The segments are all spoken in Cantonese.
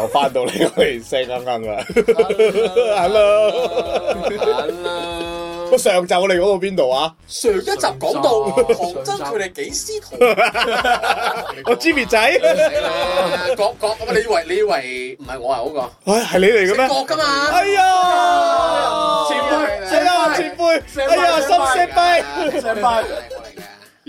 又翻到嚟，我哋聲鏗鏗啦，Hello 啦，係啦。我上集講到邊度啊？上一集講到唐僧佢哋幾師徒啊？我 Jimi 仔，講講，你以為你以為唔係我啊？嗰個，哎，係你嚟嘅咩？講噶嘛？哎呀，前輩，哎呀，前輩，哎呀，新設備，設備。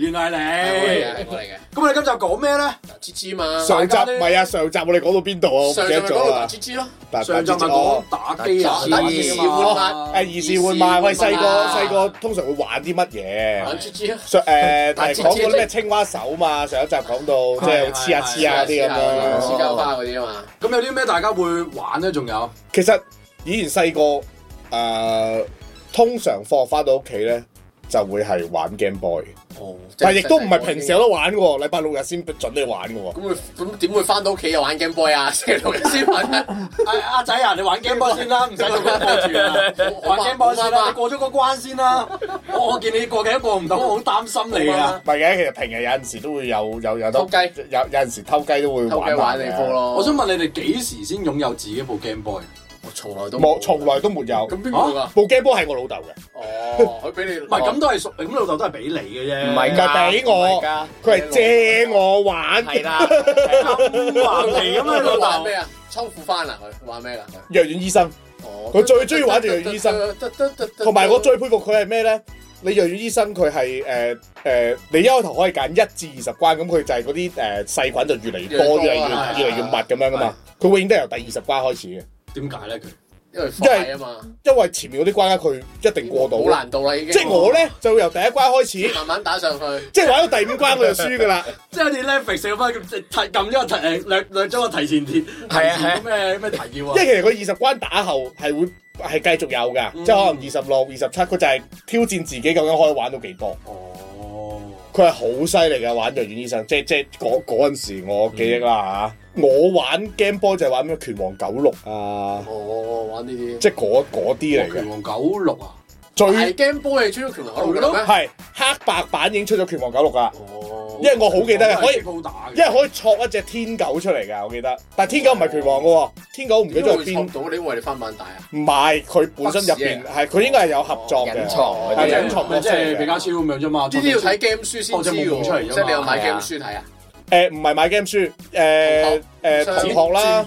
原嚟你嚟嘅，咁你今集講咩咧？打蜘蛛嘛。上集唔係啊，上集我哋講到邊度啊？記得咗。打蜘蛛咯。上集咪講打機啊，兒時換咯。誒，兒時換埋，喂，細個細個通常會玩啲乜嘢？玩蜘蛛啊。上誒，講到咩青蛙手嘛？上一集講到即係黐下黐下啲咁樣，黐膠花嗰啲啊嘛，啊。咁有啲咩大家會玩咧？仲有？其實以前細個誒，通常放學翻到屋企咧。就會係玩 Game Boy，但係亦都唔係平時有得玩喎，禮拜六日先准你玩嘅喎。咁佢咁點會翻到屋企又玩 Game Boy 啊？星期六日先玩。阿仔啊，你玩 Game Boy 先啦，唔使咁關得住啊！玩 Game Boy 先啦，你過咗個關先啦。我我見你過幾都過唔到，好擔心你啊！唔係嘅，其實平日有陣時都會有有有得偷雞，有有陣時偷雞都會玩玩嘅。我想問你哋幾時先擁有自己部 Game Boy？我從來都冇，從來都沒有。咁邊個噶？部 Game Boy 係我老豆嘅。佢俾你唔係咁都係，咁老豆都係俾你嘅啫。唔係噶，俾我噶，佢係借我玩。係啦，玩你咁樣玩咩啊？倉庫翻啦，佢玩咩噶？藥院醫生，哦，佢最中意玩就藥院醫生。得得得得，同埋我最佩服佢係咩咧？你藥院醫生佢係誒誒，你一開頭可以揀一至二十關，咁佢就係嗰啲誒細菌就越嚟越多，越嚟越越嚟越密咁樣噶嘛。佢永遠都由第二十關開始嘅。點解咧？佢？因為啊嘛，因為前面嗰啲關咧，佢一定過到，冇難度啦。已經即係我咧，就會由第一關開始，慢慢打上去。即係玩到第五關，我就輸噶啦。即係好似 Level 四嗰翻，撳咗個提，掠掠咗個提前貼。係啊係啊，咩咩提議喎？即係其實佢二十關打後係會係繼續有噶，嗯、即係可能二十六、二十七，佢就係挑戰自己究竟可以玩到幾多。佢係好犀利嘅玩《藥院醫生》即，即即嗰嗰陣時我記憶啦嚇，嗯、我玩 Game Boy 就係玩咩拳王九六啊，哦，哦玩呢啲，即係嗰啲嚟嘅拳王九六啊。最 game boy 你出咗拳王九六咩？係黑白版已經出咗拳王九六噶。因為我好記得，可以因為可以捉一隻天狗出嚟噶，我記得。但係天狗唔係拳王噶喎，天狗唔記得邊到，你會唔會翻版大啊？唔係，佢本身入邊係佢應該係有合作隱藏，隱藏即係比較超咁樣啫嘛。呢啲要睇 game 書先知嚟。即係你有買 game 書睇啊？誒唔係買 game 書，誒誒同學啦。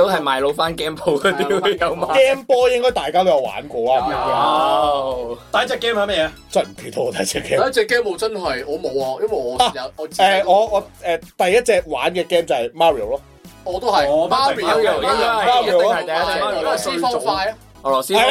都係賣老翻 game 波嗰啲有冇？Game Boy 應該大家都有玩過啊。有第一隻 game 係咩嘢啊？真唔記得我第一隻 game。第一隻 game 我真係我冇啊，因為我有我。誒，我我誒，第一隻玩嘅 game 就係 Mario 咯。我都係，Mario 一樣，Mario。都係俄羅斯方塊啊！俄羅斯方塊係。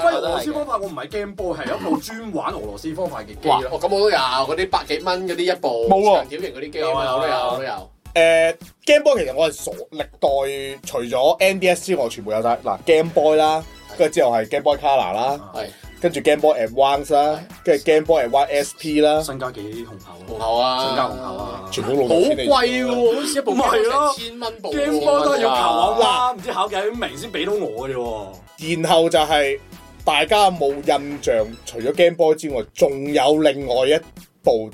Mario 俄羅斯方塊我唔係 Game Boy，係有一部專玩俄羅斯方塊嘅機咯。哇！咁我都有嗰啲百幾蚊嗰啲一部長條形嗰啲機啊！我都有，我都有。誒，Game Boy 其實我係傻歷代除咗 NDS 之外全部有晒，嗱 Game Boy 啦，跟住之後係 Game Boy Color 啦，跟住 Game Boy Advance 啦，跟住 Game Boy Advance SP 啦，身家幾雄厚啊？雄厚啊！身家雄厚啊！全部老貴好似一部千蚊部 Game Boy 都係要考考啦，唔知考幾多名先俾到我嘅啫。然後就係大家冇印象，除咗 Game Boy 之外，仲有另外一部。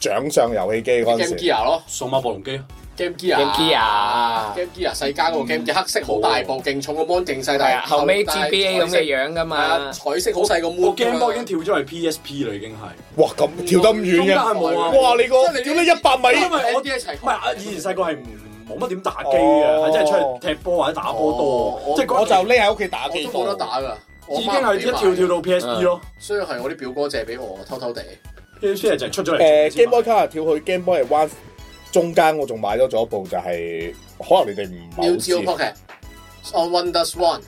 掌上遊戲機嗰陣時，Game Gear 咯，數碼暴龍機咯，Game Gear，Game Gear，Game Gear，世嘉嗰個 Game Gear 黑色好大部，勁重個 mon 勁細大，後尾 GBA 咁嘅樣噶嘛，彩色好細個 mon，我 Game Gear 已經跳咗嚟 PSP 啦，已經係，哇咁跳得咁遠嘅，哇你個，真係屌你一百米，嗰啲一齊，唔係啊，以前細個係唔冇乜點打機嘅，係真係出嚟踢波或者打波多，即係我就匿喺屋企打機，都冇得打噶，已經係一跳跳到 PSP 咯，所以係我啲表哥借俾我偷偷地。跳出嚟就出咗嚟。誒 Game Boy Color 跳去 Game Boy Advance 中間，我仲買咗咗一部，就係可能你哋唔。Neo Geo Pocket，我 Wonder Swan。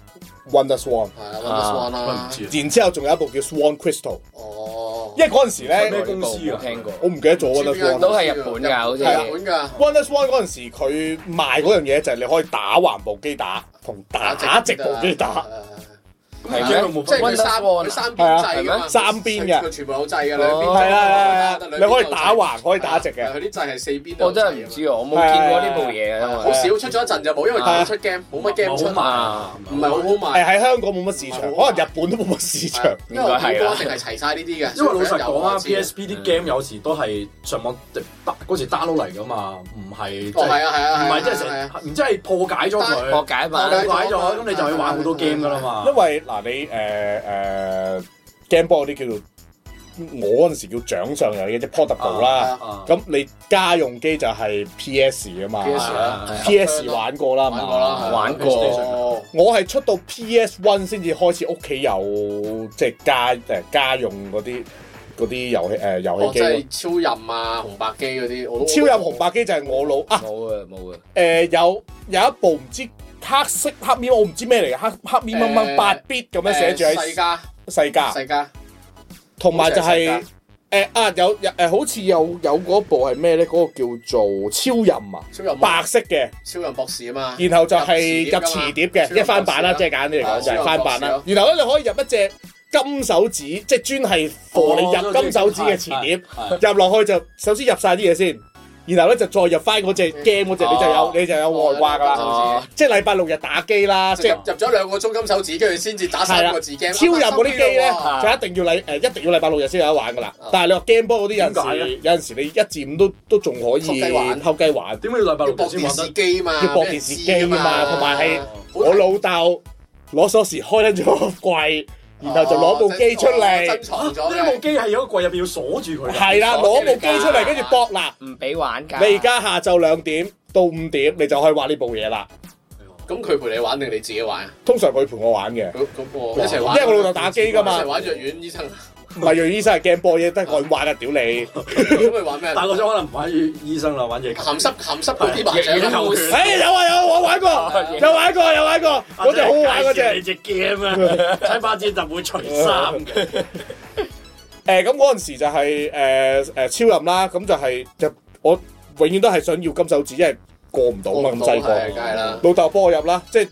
Wonder Swan。係啊，Wonder Swan 啦。然之後仲有一部叫 Swan Crystal。哦。因為嗰陣時咧，咩公司啊？我唔記得咗啦。全部都係日本㗎，好似。日本㗎。Wonder Swan 嗰陣時佢賣嗰樣嘢就係你可以打橫部機打，同打直部機打。即係佢三，佢三邊掣噶嘛，三邊嘅，佢全部有掣嘅，兩邊。係啊係啊，你可以打橫，可以打直嘅。佢啲掣係四邊啊！我真係唔知喎，我冇見過呢部嘢啊嘛。好少出咗一陣就冇，因為冇出 game，冇乜 game 出。好賣，唔係好好賣。係喺香港冇乜市場，可能日本都冇乜市場。因為日本一定係齊晒呢啲嘅。因為老實講啊，PSP 啲 game 有時都係上網嗰時 download 嚟噶嘛，唔係。係啊係啊係啊！唔係即係成，唔知係破解咗佢，破解嘛，破解咗，咁你就要玩好多 game 噶啦嘛。因為嗱。你誒誒 gameboy 嗰啲叫做，我嗰陣時叫掌上遊戲，即 portable 啦。咁你家用機就係 PS 啊嘛。PS 玩過啦，玩過啦，玩過。我係出到 PS One 先至開始屋企有，即係家誒家用嗰啲嗰啲遊戲誒遊戲機，即係超任啊，紅白機嗰啲，超任紅白機就係我老啊，冇啊，冇啊。誒有有一部唔知。黑色黑面我唔知咩嚟嘅，黑黑面掹掹八 bit 咁樣寫住喺世嘉，世嘉，世嘉。同埋就係誒啊有有誒好似有有嗰部係咩咧？嗰個叫做超人啊，白色嘅超人博士啊嘛。然後就係入磁碟嘅一翻版啦，即係簡單啲嚟講就係翻版啦。然後咧你可以入一隻金手指，即係專係防你入金手指嘅磁碟，入落去就首先入晒啲嘢先。然後咧就再入翻嗰隻 game 嗰隻，你就有你就有外掛噶啦。即係禮拜六日打機啦，即係入入咗兩個鐘金手指，跟住先至打三個字 game。超入嗰啲機咧就一定要禮誒，一定要禮拜六日先有得玩噶啦。但係你話 game 波嗰啲有陣時，有陣時你一至五都都仲可以偷雞玩。點解？點解要禮拜六日先玩得？要播電視機嘛，同埋係我老竇攞鎖匙開得咗個櫃。然後就攞部機出嚟，呢部機係有個櫃入邊要鎖住佢。係啦，攞部機出嚟，跟住駁啦，唔俾玩㗎。你而家下晝兩點到五點，你就可以玩呢部嘢啦。咁佢陪你玩定你自己玩？通常佢陪我玩嘅，咁我一齊玩，因為我老豆打機噶嘛，一玩著《雲之上》。唔係楊醫生係驚播嘢，得我玩啊！屌你，咁你玩咩？大個咗可能唔玩醫生啦，玩嘢鹹濕鹹濕嗰啲麻雀，哎有啊有，我玩過，有玩過，有玩過，嗰隻好玩嗰隻。你隻 game 咧，睇翻字就會除衫嘅。誒，咁嗰陣時就係誒誒超任啦，咁就係入我永遠都係想要金手指，因為過唔到咁細個。老豆幫我入啦，即係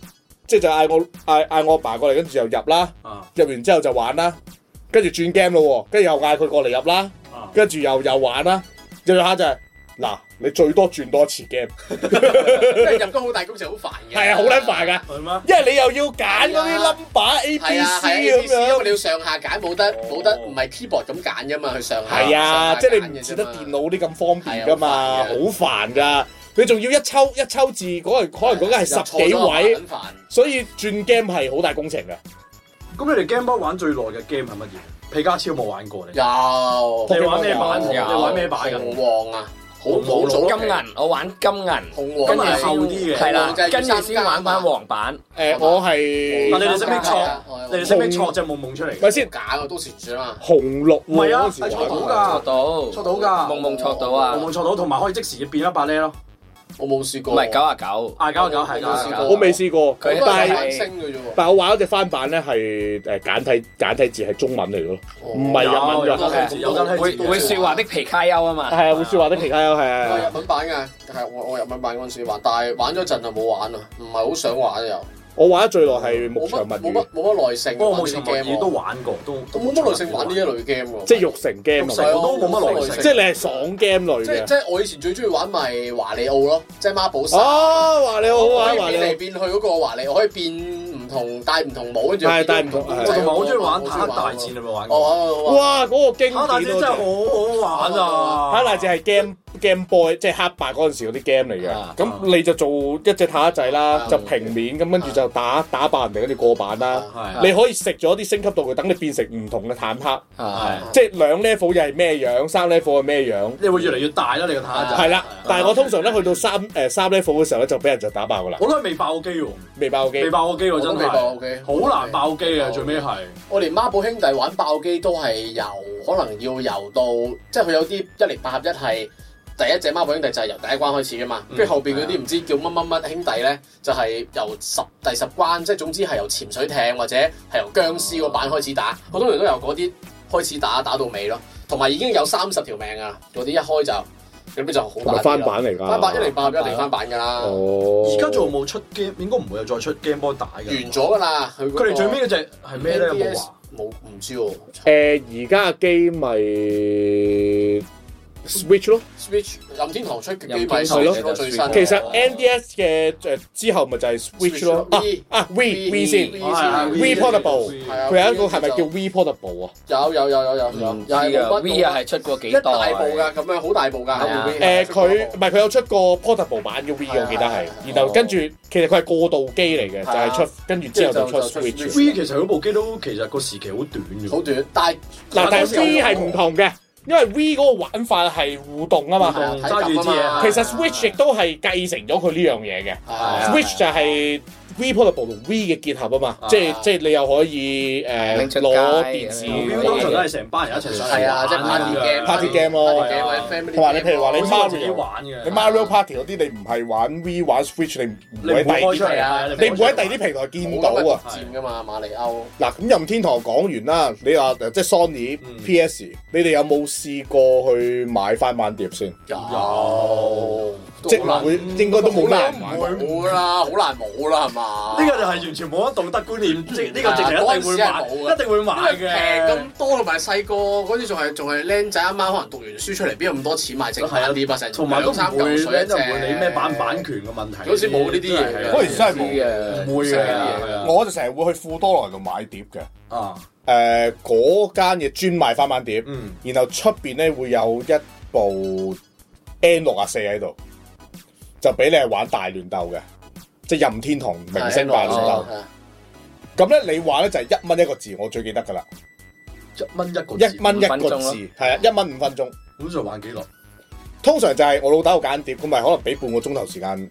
即係就嗌我嗌嗌我阿爸過嚟，跟住又入啦。入完之後就玩啦。跟住轉 game 咯，跟住又嗌佢過嚟入啦，跟住又又玩啦。最後下就係嗱，你最多轉多次 game，入咗好大工程，好煩嘅。係啊，好撚煩噶，因為你又要揀嗰啲 number ABC 咁樣，你要上下揀冇得冇得，唔係 keyboard 咁揀噶嘛，去上下。係啊，即係你唔似得電腦啲咁方便噶嘛，好煩㗎。你仲要一抽一抽字，嗰個可能嗰間係十幾位，所以轉 game 係好大工程嘅。咁你哋 game boy 玩最耐嘅 game 係乜嘢？皮卡超冇玩過咧。有，你玩咩版？你玩咩版嘅？紅黃啊，紅綠金銀。我玩金銀，金銀係厚啲嘅。係啦，跟住先玩翻黃版。誒，我係。嗱，你哋識唔識錯？你哋識唔識錯？隻夢夢出嚟，係先？假，我都識上啊。紅綠唔係啊，係錯到㗎，到錯到㗎，夢夢錯到啊，夢夢錯到，同埋可以即時變一百呢。咯。我冇試過，唔係九啊九，廿九啊九係我未試過，佢但係升嘅啫但係我玩嗰隻翻版咧係誒簡體簡體字係中文嚟咯，唔係日文字。會會説話的皮卡丘啊嘛，係啊，會説話的皮卡丘係啊。係日文版嘅，係我我日文版嗰陣時玩，但係玩咗陣就冇玩啦，唔係好想玩又。我玩得最耐係牧場物語冇乜冇乜耐性。牧場物語都玩過，都冇乜耐性玩呢一類 game 喎。即係育成 game，冇都冇乜耐性。即係你係爽 game 類啊。即係我以前最中意玩咪華利奧咯，即係孖寶。啊，華利奧，可以變嚟變去嗰個華利奧，我可以變唔同戴唔同帽，跟住戴唔同。我同埋好中意玩坦克大戰，你咪玩過？哇，嗰個經典真係好好玩啊！坦克大戰係 game。game boy 即係黑白嗰陣時嗰啲 game 嚟嘅，咁你就做一隻坦克仔啦，就平面咁，跟住就打打爆人哋，跟住過板啦。你可以食咗啲升級道具，等你變成唔同嘅坦克，即係兩 level 又係咩樣，三 level 係咩樣？你會越嚟越大啦，你個坦克仔。係啦，但係我通常咧去到三誒三 level 嘅時候咧，就俾人就打爆噶啦。我都係未爆機喎，未爆機，未爆過機喎，真係好難爆機啊！最尾係我連孖寶兄弟玩爆機都係由可能要由到即係佢有啲一零八合一係。第一隻孖寶兄弟就係由第一關開始嘅嘛，跟住、嗯、後邊嗰啲唔知叫乜乜乜兄弟咧，就係、是、由十第十關，即係總之係由潛水艇或者係由僵屍嗰版開始打，好、啊、多人都由嗰啲開始打打到尾咯。同埋已經有三十條命啊，嗰啲一開就咁，就好大。翻版嚟㗎、啊，翻一零八一定翻版㗎啦。哦，而家仲冇出 game，應該唔會有再出 game 幫打㗎。哦、完咗㗎啦，佢哋、那個、最尾嗰隻係咩咧？冇冇唔知喎。誒、呃，而家嘅機咪～Switch 咯，Switch，任天堂出嘅遊戲機咯，其實 NDS 嘅誒之後咪就係 Switch 咯，啊啊 V V 先，V portable，佢有一個係咪叫 V portable 啊？有有有有有有，V 啊係出過幾代，一大部噶，咁樣好大部噶，誒佢唔係佢有出過 portable 版嘅 V，我記得係，然後跟住其實佢係過渡機嚟嘅，就係出跟住之後就出 Switch。V 其實整部機都其實個時期好短嘅，好短，但係嗱但係 V 係唔同嘅。因為 V 嗰個玩法係互動啊嘛，揸住啲嘢，其實 Switch 亦都係繼承咗佢呢樣嘢嘅，Switch 就係、係。V portable 同 V 嘅結合啊嘛，即係即係你又可以誒攞電視，通常都係成班人一齊上嚟玩，即係 party game，party game 咯。同埋你譬如話你 Mario 玩嘅，你 Mario party 嗰啲你唔係玩 V 玩 Switch，你唔會開出嚟啊，你唔會喺第二啲平台見到啊。㗎嘛，馬里歐。嗱咁任天堂講完啦，你話即係 Sony PS，你哋有冇試過去買返萬碟先？有，即係會應該都冇啦，唔會冇啦，好難冇啦係嘛？呢、啊、個就係完全冇乜道德觀念，即係呢個直情一定會買嘅、啊，一定會買嘅。咁多同埋細個嗰時仲係仲係僆仔，阿媽可能讀完書出嚟，邊有咁多錢買正版？係啊，碟把晒，同埋都三流水，就唔會理咩版版權嘅問題。嗰時冇呢啲嘢，嗰時真係冇嘅，唔可 會嘅。我就成日會去富多來度買碟嘅。啊、呃，誒，嗰間嘢專賣翻版碟，嗯、然後出邊咧會有一部 N 六啊四喺度，就俾你玩大亂鬥嘅。即係任天堂明星版都，咁咧、哦嗯、你話咧就係一蚊一個字，我最記得㗎喇，一蚊一個，一蚊一個字，係啊，一蚊五分鐘。通常就玩幾耐？通常就係我老豆好簡碟，咁咪可能俾半個鐘頭時間。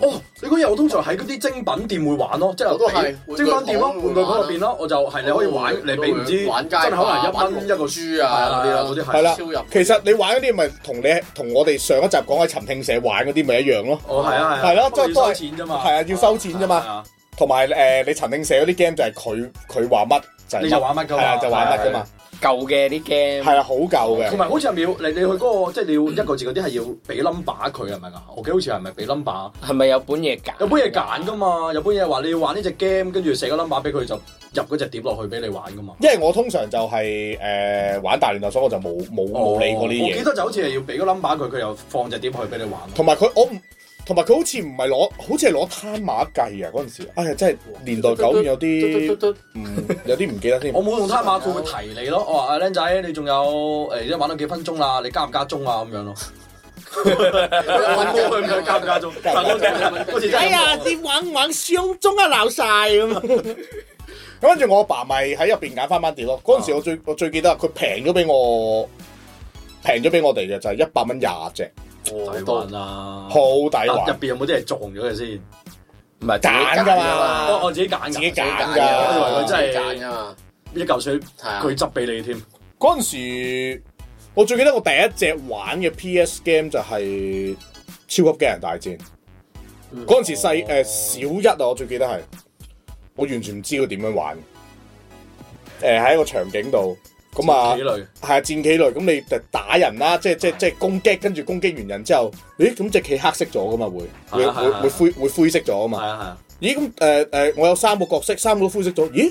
哦，你嗰日我通常喺嗰啲精品店會玩咯，即係我都係精品店咯，玩具鋪入邊咯，我就係你可以玩，你俾唔知玩真可能一蚊一個書啊，嗰啲係啦。其實你玩嗰啲咪同你同我哋上一集講喺陳慶社玩嗰啲咪一樣咯。哦，係啊，係咯，即係都係收錢啫嘛。係啊，要收錢啫嘛。同埋誒，你陳慶社嗰啲 game 就係佢佢話乜就你就玩乜，係啊，就玩乜噶嘛。舊嘅啲 game 係啊，舊好舊嘅，同埋好似係咪你你去嗰、那個， 即係你要一個字嗰啲係要俾 number 佢啊？咪？係我記得好似係咪俾 number，係咪有本嘢揀？有本嘢揀噶嘛？有本嘢話你要玩呢隻 game，跟住寫個 number 俾佢就入嗰隻碟落去俾你玩噶嘛？因為我通常就係、是、誒、呃、玩大亂鬥，所以我就冇冇冇理過呢嘢。我記得就好似係要俾個 number 佢，佢又放隻碟落去俾你玩。同埋佢我唔。同埋佢好似唔係攞，好似係攞攤馬計啊！嗰陣時，哎呀，真係年代久遠，有啲唔 有啲唔記得添。我冇用攤馬，佢會提你咯。我話阿僆仔，你仲有誒，即係玩到幾分鐘啦？你加唔加鐘啊？咁樣咯。揾波向佢加唔加鐘？ 話話哎呀，啲玩玩上鐘啊，鬧晒。咁。咁跟住我阿爸咪喺入邊揀翻翻碟咯。嗰陣 時我最我最記得，佢平咗俾我平咗俾我哋嘅就係一百蚊廿隻。好抵玩啦，好抵玩、啊！入邊、啊、有冇啲係撞咗佢先？唔係揀噶嘛，我自己揀，自己揀噶、啊。我以為佢真係啊嘛，一嚿水佢執俾你添。嗰陣時，我最記得我第一隻玩嘅 P S game 就係超級機器人大戰。嗰陣、嗯、時細誒、呃、小一啊，我最記得係，我完全唔知佢點樣玩。誒、呃，喺一個場景度。咁啊，係啊，戰棋類，咁你就打人啦，即係即係即係攻擊，跟住攻擊完人之後，咦，咁隻棋黑色咗噶嘛，會會會會灰會灰色咗啊嘛。係啊，係啊。咦，咁誒誒，我有三個角色，三個都灰色咗，咦？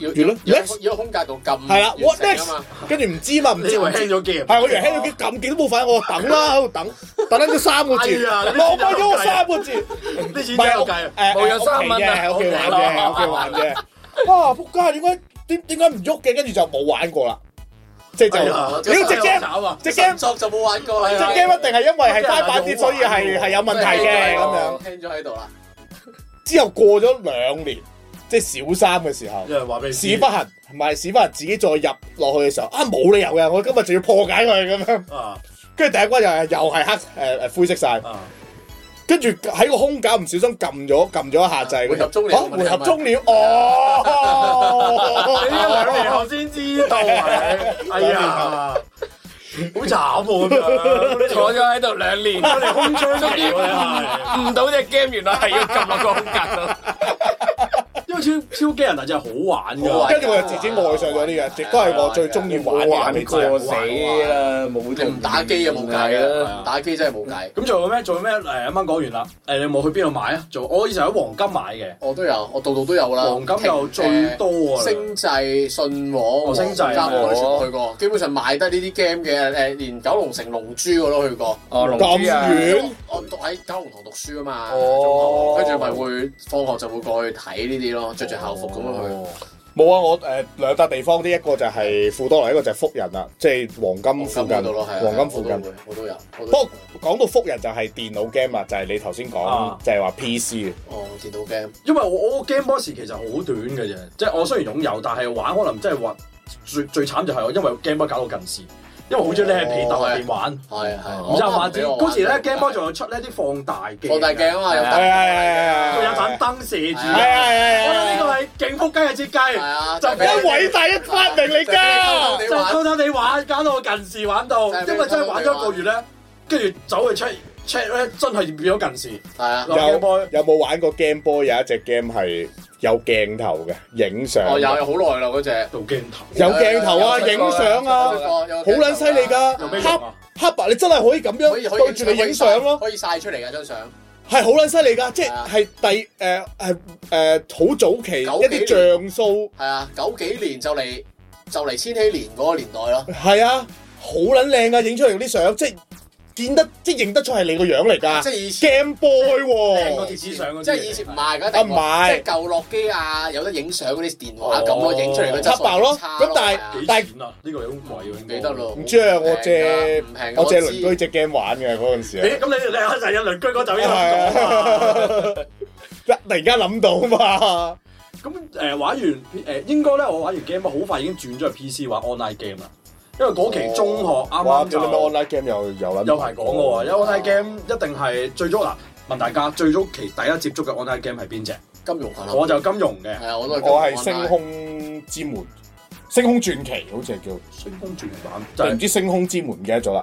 要咧？What？如果空格度撳係啦，What？跟住唔知嘛，唔知會輕咗機。係我以為輕咗機，撳機都冇反應，我等啦，喺度等，等咗三個字，浪費咗我三個字。冇計，冇有三蚊啫，喺屋企玩嘅，喺屋企玩嘅。哇，仆街，點解？點點解唔喐嘅？跟住就冇玩過啦，哎、呀即係就你隻 g a 直 e 隻作就冇玩過。隻 g a 一定係因為係快版啲，所以係係有問題嘅咁樣。h 咗喺度啦。 之後過咗兩年，即係小三嘅時候，屎不痕同埋屎不痕自己再入落去嘅時候，啊，冇理由嘅，我今日就要破解佢咁樣。啊，跟住第一關又係又係黑誒誒、呃、灰色晒。啊跟住喺個空格唔小心撳咗撳咗一下掣，回合終了哦！你都兩年後先知道，啊。你哎呀，好慘你、啊、 坐咗喺度兩年，我哋空窗都唔到隻 game 原來，係要撳落個空格度。 超超驚人，但真係好玩噶。跟住我又自己愛上咗呢嘢，亦都係我最中意玩嘅。死啦！冇停唔打機又冇計啦，打機真係冇計。咁仲有咩？仲有咩？誒啱啱講完啦。誒你冇去邊度買啊？做我以前喺黃金買嘅。我都有，我度度都有啦。黃金又最多啊！星際、信和、星際、嘉和，我全部去過。基本上買得呢啲 game 嘅誒，連九龍城龍珠我都去過。咁遠？我讀喺九龍塘讀書啊嘛。跟住咪會放學就會過去睇呢啲咯。着着校服咁樣去，冇啊、哦是！我誒兩笪地方呢，一個就係富多利，一個就係福人啦，即係黃金附近咯，係黃，黃金附近我都有。不過講到福人就係電腦 game 啊，就係你頭先講，就係話 PC 啊。哦，電腦 game，因為我我 Game Boy 其實好短嘅啫，即係我雖然擁有，但係玩可能真係話最最慘就係我因為 Game Boy 搞到近視。因為好中意匿喺被竇入邊玩，係係，唔揸把劍嗰時咧，Game Boy 仲有出咧啲放大鏡，放大鏡啊嘛，係係，佢有盞燈射住，我覺得呢個係勁撲街嘅設計，就係一偉大一發明嚟㗎，就偷偷你玩，搞到我近視玩到，因為真係玩咗一個月咧，跟住走去出 check 咧真係變咗近視，係啊。有，有冇玩過 game boy？有一隻 game 係有鏡頭嘅，影相，哦有，有好耐啦嗰隻。做鏡頭有鏡頭啊，影相啊，有好撚犀利噶。黑黑白你真係可以咁樣對住你影相咯，可以晒出嚟㗎張相係好撚犀利噶，即係係第誒誒誒好早期一啲像素係啊，九幾年就嚟就嚟千禧年嗰個年代咯，係啊，好撚靚噶，影出嚟嗰啲相即係。影得即係認得出係你個樣嚟噶，Game Boy 喎，即係以前唔係，而家即係舊諾基亞有得影相嗰啲電話。啊咁，我影出嚟，我擦爆咯。咁但係但係呢個好懷念，記得咯。唔知啊，我借我借鄰居隻 game 玩嘅嗰陣時。咁你你係成日鄰居嗰度應該講啊？突然間諗到嘛？咁誒，玩完誒，應該咧我玩完 game 好快已經轉咗去 PC 玩 online game 啦。因為嗰期中學啱啱就 online game 又有又有排講嘅有 online game 一定係最早嗱。問大家最早期第一接觸嘅 online game 係邊隻？金融，我就金融嘅，我係星空之門、星空傳奇，好似係叫星空傳版，就唔知星空之門唔記得咗啦。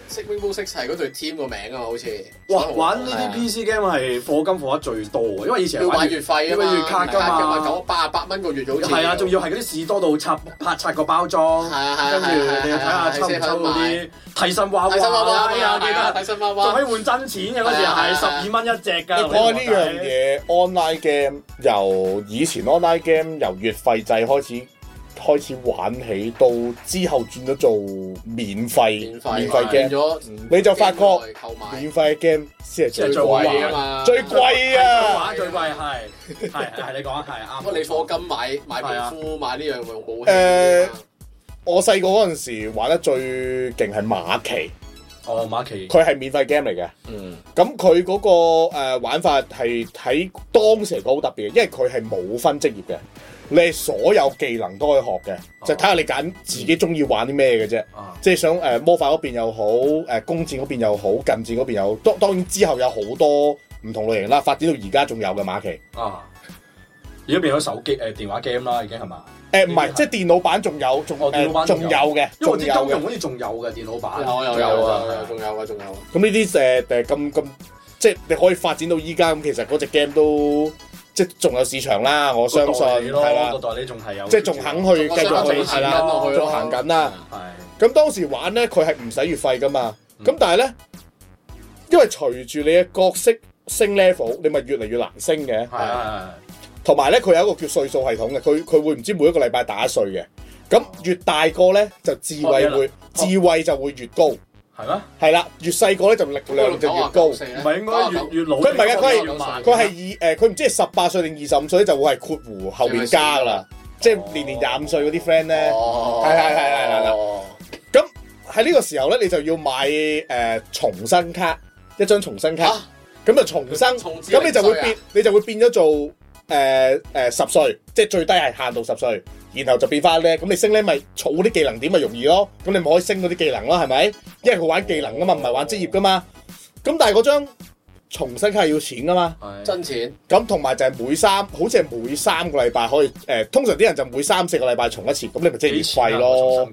色 wing boot 係嗰隊 team 個名啊，嘛，好似。哇！玩呢啲 PC game 係課金課得最多嘅，因為以前要買月費啊因嘛，月卡噶嘛，九百九十八八蚊，個月好似。係啊，仲要係嗰啲士多度拆拍拆個包裝，跟住你要睇下抽唔抽嗰啲替身娃娃。係啊，記得。替身娃娃仲可以換真錢嘅，嗰時係十二蚊一隻㗎。我呢樣嘢 online game 由以前 online game 由月費制開始。開始玩起到之後轉咗做免費，免費 game，你就發覺免費 game 先係最貴啊嘛，最貴啊！最貴係係係你講係啊！不過你貨金買買皮膚、買呢樣武器誒，我細個嗰陣時玩得最勁係馬奇。哦馬奇，佢係免費 game 嚟嘅，嗯，咁佢嗰個玩法係喺當時嚟講好特別，因為佢係冇分職業嘅。你係所有技能都可以學嘅，就睇下你揀自己中意玩啲咩嘅啫。即係想誒魔法嗰邊又好，誒弓箭嗰邊又好，近戰嗰邊又好。當當然之後有好多唔同類型啦，發展到而家仲有嘅馬奇。啊。而家變咗手機誒電話 game 啦，已經係嘛？誒唔係，即係電腦版仲有，仲有電腦版仲有嘅。因為我哋刀龍好似仲有嘅電腦版。有有有啊，仲有啊，仲有。咁呢啲誒誒咁咁，即係你可以發展到而家咁，其實嗰隻 game 都。即仲有市場啦，我相信，係啦，代理仲係有，即係仲肯去繼續係啦，行緊啦。係、嗯。咁當時玩咧，佢係唔使月費噶嘛。咁、嗯、但係咧，因為隨住你嘅角色升 level，你咪越嚟越難升嘅。係的。同埋咧，佢有，有一個叫歲數系統嘅，佢佢會唔知每一個禮拜打歲嘅。咁越大個咧，就智慧會、啊啊、智慧就會越高。係咩？係啦，越細個咧就力量就越高，唔係應該越越老。佢唔係噶，佢係佢係二誒，佢唔知係十八歲定二十五歲就會係括弧後面加㗎啦，即係年年廿五歲嗰啲 friend 咧，係係係係啦。咁喺呢個時候咧，你就要買誒重生卡一張重生卡，咁就重生，咁你就會變，你就會變咗做誒誒十歲，即係最低係限度十歲。然後就變翻咧，咁你升咧咪儲啲技能點咪容易咯？咁你咪可以升嗰啲技能咯，係咪？因為佢玩技能噶嘛，唔係玩職業噶嘛。咁但係嗰張重新卡係要錢噶嘛，真錢。咁同埋就係每三，好似係每三個禮拜可以誒、呃，通常啲人就每三四個禮拜重一次，咁你咪即係月費咯。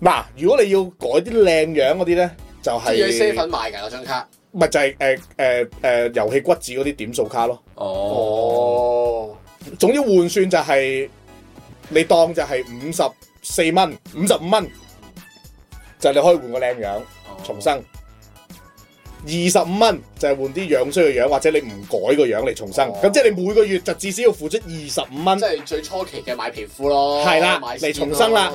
嗱，如果你要改啲靚樣嗰啲咧，就係、是。啲嘢 C 粉賣㗎嗰張卡。咪就係誒誒誒遊戲骨子嗰啲點數卡咯。哦。總之換算就係、是。你當就係五十四蚊、五十五蚊，就係你可以換個靚樣重生。二十五蚊就係換啲樣衰嘅樣，或者你唔改個樣嚟重生。咁即係你每個月就至少要付出二十五蚊。即係最初期嘅買皮膚咯，係啦，嚟重生啦。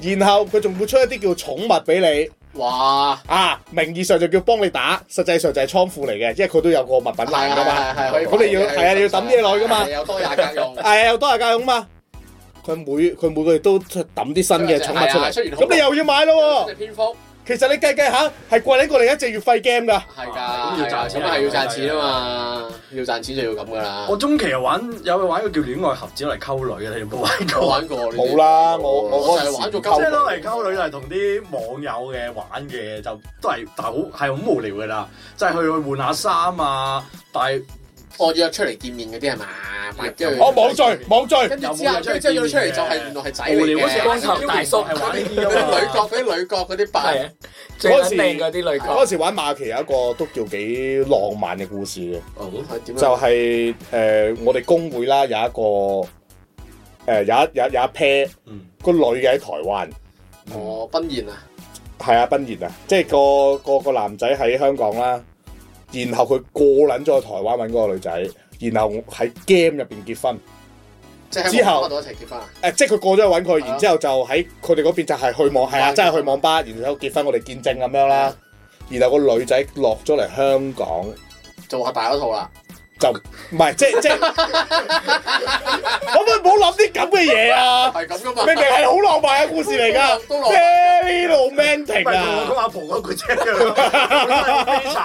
然後佢仲會出一啲叫寵物俾你。哇！啊，名義上就叫幫你打，實際上就係倉庫嚟嘅，因為佢都有個物品欄㗎嘛。係，咁你要係啊？你要抌啲嘢落去㗎嘛？係有多廿格用。係有多廿格用嘛？佢每佢每個月都抌啲新嘅寵物出嚟，咁你又要買咯隻蝙蝠，其實你計計下，係貴過另一隻月費 game 㗎，係㗎，咁係要賺錢啊嘛，要賺錢就要咁㗎啦。我中期又玩有玩個叫戀愛盒子嚟溝女嘅，你有冇玩過？冇啦，我我成日玩咗溝，即係攞嚟溝女就係同啲網友嘅玩嘅，就都係但係好係好無聊㗎啦，即係去換下衫啊，但係。我約出嚟見面嗰啲係嘛？網聚，網聚，跟住之後咧，即係約出嚟就係原來係仔嚟嘅。嗰時光頭大叔係玩嗰啲女角，嗰啲女角嗰啲扮。嗰時嗰啲女角，嗰時玩馬奇有一個都叫幾浪漫嘅故事嘅。哦，咁係點？就係誒，我哋公會啦，有一個誒，有一有有一 pair，個女嘅喺台灣。哦，賓燕啊，係啊，賓燕啊，即係個個個男仔喺香港啦。然後佢過捻咗去台灣揾嗰個女仔，然後喺 game 入邊結婚，之後到一齊結婚。誒、呃，即係佢過咗去揾佢，啊、然之後就喺佢哋嗰邊就係去網係啊，啊，真係去網吧，然後結婚，我哋見證咁樣啦。啊、然後個女仔落咗嚟香港，做下大二套啦。就唔係，即係即係可唔可以唔好諗啲咁嘅嘢啊？係咁噶嘛，明明係好浪漫嘅故事嚟噶，都浪漫啊！唔係我講阿婆嗰個車嘅，好悲慘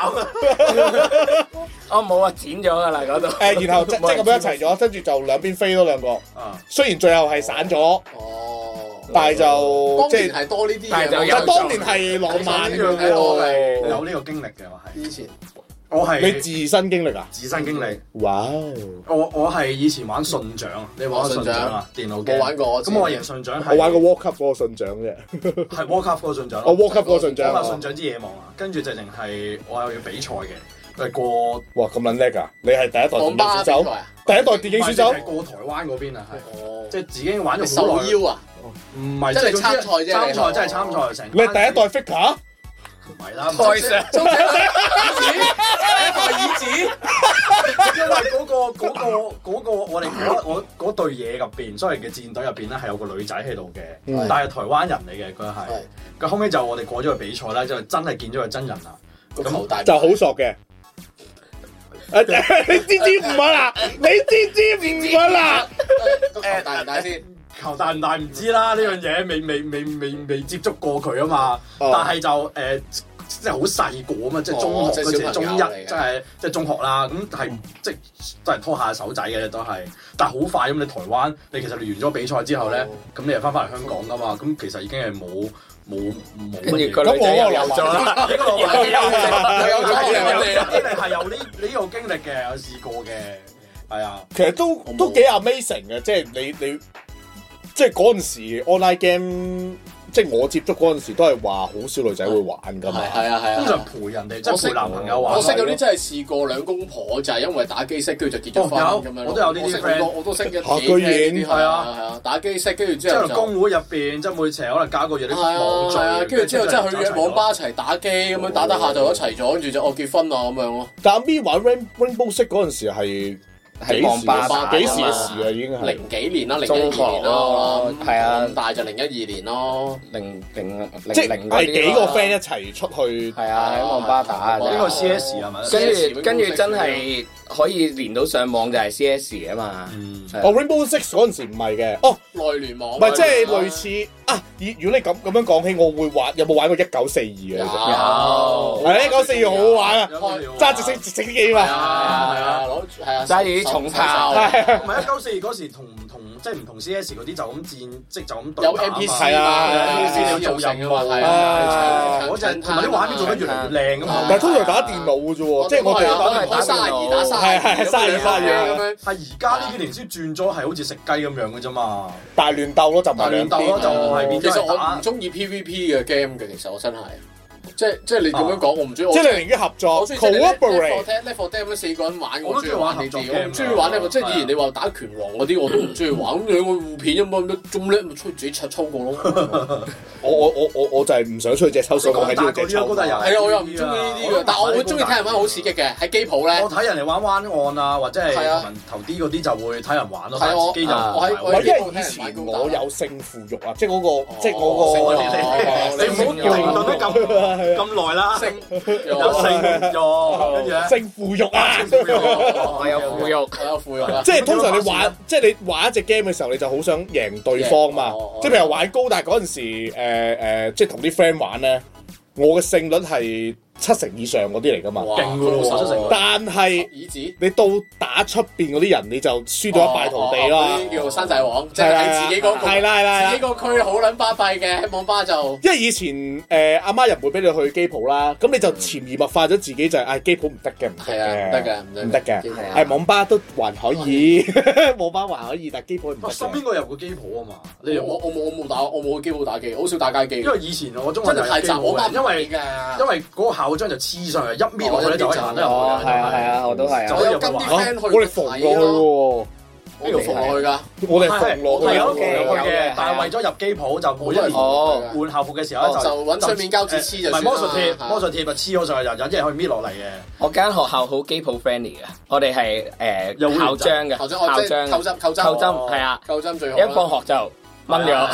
啊！我冇啊，剪咗噶啦嗰度。誒，然後即咁一齊咗，跟住就兩邊飛咗兩個。啊，雖然最後係散咗。哦，但係就即係多呢啲。但係當年係浪漫嘅，我係有呢個經歷嘅，我係以前。我係你自身經歷啊！自身經歷，哇！我我係以前玩信長啊，你玩信長啊，電腦機玩過。咁我贏信長係我玩個 walk up 嗰個信長嘅，係 walk up 嗰個信長。我 walk up 嗰個信長 w 信長之野望啊！跟住直情係我又要比賽嘅，但係過哇咁撚叻噶！你係第一代電競選手，第一代電競選手過台灣嗰邊啊，係哦，即係自己玩咗好耐啊！唔係即係你參賽啫，參賽真係參賽成。你第一代 figure？唔係啦，台上中隊長，台椅子，因為嗰個嗰、 嗰個我哋我我隊嘢入邊，所謂嘅戰隊入邊咧係有個女仔喺度嘅，的但係台灣人嚟嘅佢係，佢的後尾就我哋過咗個比賽咧，就真係見咗個真人啦，咁頭大就 好索嘅，你支支唔允啦，你支支唔允啦，個頭 大唔大先。球大唔大唔知啦，呢樣嘢未未未未未接觸過佢啊嘛。但係就誒，即係好細個啊嘛，即係中學嗰陣中一，即係即係中學啦。咁係即係都係拖下手仔嘅都係。但係好快咁，你台灣你其實完咗比賽之後咧，咁你又翻翻嚟香港噶嘛。咁其實已經係冇冇冇乜嘢。咁我又攔咗啦。你個有啲有啲有呢個經歷嘅，有試過嘅。係啊，其實都都幾 amazing 嘅，即係你你。即係嗰陣時 online game，即係我接觸嗰陣時都係話好少女仔會玩㗎嘛。係啊係啊，通常陪人哋即係陪男朋友玩。我識有啲真係試過兩公婆就係因為打機識，跟住就結咗婚咁樣，我都有啲 friend 我都識咗居然，a 係啊係啊，打機識，跟住之後即係公會入邊，即係每次可能加個嘢啲網聚，跟住之後即係去網吧一齊打機咁樣，打得下就一齊咗，跟住就哦結婚啦咁樣咯。但係 me 玩 Rain Rainbow 色嗰陣時係。喺網吧打幾時嘅事啊？已經係零幾年啦，零一年咯，係啊，但係就零一二年咯，零零即係幾個 friend 一齊出去係啊，喺網、啊啊啊、吧打，呢個 CS 係咪？跟住跟住真係？可以連到上網就係 CS 啊嘛，哦 Rainbow Six 嗰陣時唔係嘅，哦內聯網，唔係即係類似啊。如如果你咁咁樣講起，我會玩有冇玩過一九四二啊？有，係一九四二好好玩啊，揸直升直升機啊嘛，係啊，攞住係啊，揸住啲重炮。唔係一九四二嗰時同唔同？即係唔同 CS 嗰啲就咁戰，即係就咁對。有 MP 使啊！MP 你做任務啊！嗰隻同埋啲畫面做得越嚟越靚咁，但係通常打電腦嘅啫喎，即係我哋打係打卅二打卅二，係係卅二卅二咁樣。係而家呢幾年先轉咗係好似食雞咁樣嘅啫嘛，大亂鬥咯，就埋兩邊咯。其實我唔中意 PVP 嘅 game 嘅，其實我真係。即即你咁樣講，我唔中意。即你已經合作 cooperate level ten level ten 咁樣四個人玩，我唔中意玩合作。我唔中意玩呢個，即以前你話打拳王嗰啲，我都唔中意玩。咁兩個互片，咁樣，咁叻咪出去自己出操過囉。我我我我我就係唔想出去隻抽水。我係單隻抽。係啊，我又唔中意呢啲嘅，但我會中意睇人玩好刺激嘅，喺機鋪咧。我睇人哋玩灣岸啊，或者係頭 D 嗰啲就會睇人玩咯。我我有勝負欲啊，即嗰個即我個你唔好叫咁耐啦，勝有勝咗，跟住咧勝負慾啊，係有負慾，我有負慾、啊。 即係通常你玩，即係你玩一隻 game 嘅時候，你就好想贏對方嘛。哦、即係譬如話玩高達嗰陣時，誒、呃、誒，即係同啲 friend 玩咧，我嘅勝率係七成以上嗰啲嚟噶嘛，勁噶咯成，哦、但係，你到達。打出邊嗰啲人你就輸咗一敗塗地咯，叫山寨王，就你自己嗰個，係啦係啦，自己個區好撚巴閉嘅喺網吧就，因為以前誒阿媽又唔會俾你去機鋪啦，咁你就潛移默化咗自己就係，誒機鋪唔得嘅，係啊，唔得嘅，唔得嘅，誒網吧都還可以，網吧還可以，但機鋪唔得。身邊個入過機鋪啊嘛，你我我冇我冇打我冇去機鋪打機，好少打街機，因為以前我中學真係太雜，我媽因為因為嗰個校章就黐上去，一搣落去，一走行都係我係啊，我都係。我啲我哋縫落去喎，邊度縫落去噶？我哋係縫落去嘅，但係為咗入機鋪就每一年換校服嘅時候就就揾雙面膠紙黐就。魔術貼，魔術貼咪黐咗上去就有啲人可以搣落嚟嘅。我間學校好機鋪 friendly 嘅，我哋係誒用校章嘅，校章校章扣針係啊，扣針最好。一放學就掹咗，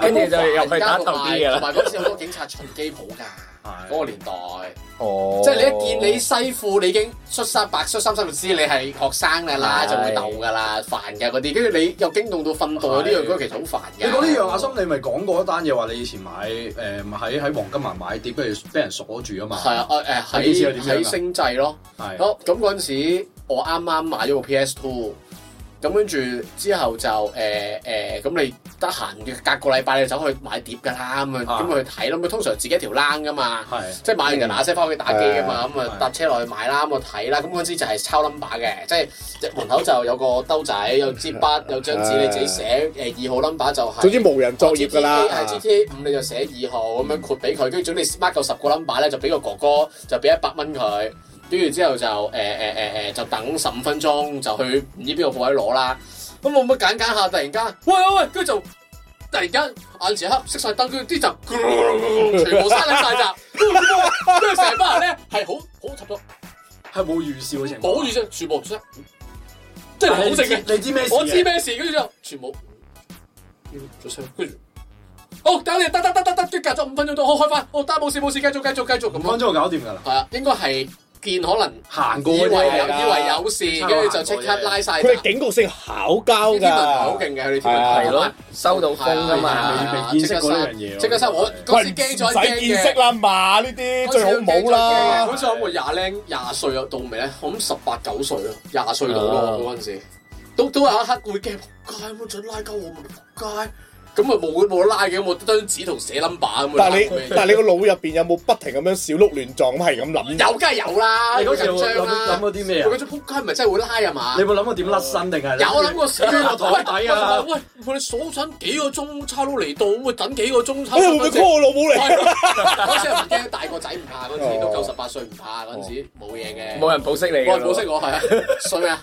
跟住就入去打頭 B 嘅啦。同埋嗰時好多警察巡機鋪噶。嗰個年代，哦，oh. 即係你一見你西褲，你已經恤衫白恤衫衫綠絲，出三三知你係學生啦，是就會鬥噶啦，煩嘅嗰啲。跟住你又驚動到訓導，呢樣嗰其實好煩嘅。你講呢樣阿深，你咪講過一單嘢，話你以前買誒喺喺黃金環買碟，跟住俾人鎖住啊嘛。係啊，誒喺喺星際咯。係是。好、嗯，咁嗰陣時我啱啱買咗個 PS Two，咁跟住之後就誒誒，咁、呃呃呃嗯、你。得閒，隔個禮拜你走去買碟噶啦，咁啊，咁啊去睇咯。佢通常自己一條躝噶嘛，的即係買完就嗱嗱聲翻屋企打機噶嘛，咁啊搭車落去買啦，咁啊睇啦。咁嗰陣時就係抄 number 嘅，的即係門口就有個兜仔， 有支筆，有張紙，你自己寫。誒、呃、二號 number 就係、是。總之無人作業噶啦。係 g t 咁你就寫二號咁樣括俾佢，跟住準備 mark 夠十個 number 咧，就俾個哥哥，哥就俾一百蚊佢。跟住之後就誒誒誒誒，就等十五分鐘就去唔知邊個鋪位攞啦。咁我唔可以揀揀下，突然間，喂喂喂，跟住就突然間，眼前一黑，熄晒燈，跟住啲就全部閂晒閘，跟住成班人咧係好好插唔多，係冇預兆嘅情況，冇預兆，全部唔識，即係好食嘅。你知咩事？我知咩事，跟住就全部唔出衫，跟住，哦，等你，得得得得得，跟住隔咗五分鐘都好開翻，哦，但冇事冇事，繼續繼續繼續咁。五分鐘就搞掂㗎啦，係啊，應該係。見可能行過，以為以為有事，跟住就即刻拉晒。佢哋警覺性好高，㗎，啲天好勁嘅，佢哋天台。收到風㗎嘛，未見識過呢樣嘢。即刻收我嗰陣時驚咗一驚，唔使見識啦嘛，呢啲最好冇啦。好似我廿零廿歲啊，到未咧？我諗十八九歲咯，廿歲到咯嗰陣時，都都係一刻鬼驚仆街，咁樣拉交我咪仆街。咁啊冇冇得拉嘅，冇張紙同寫 number 咁但係你但係你個腦入邊有冇不停咁樣小鹿亂撞咁係咁諗？有梗係有啦！你緊張啦？諗咗啲咩啊？嗰張撲街咪真係會拉啊嘛！你有冇諗過點甩身定係？有諗過跌落台底啊？喂！我哋數緊幾個鐘差佬嚟到，等幾個鐘差佬。會唔會拖我老母嚟啊？嗰陣時唔驚大個仔唔怕，嗰陣時都夠十八歲唔怕，嗰陣時冇嘢嘅。冇人保釋你嘅？冇人保釋我係算啦。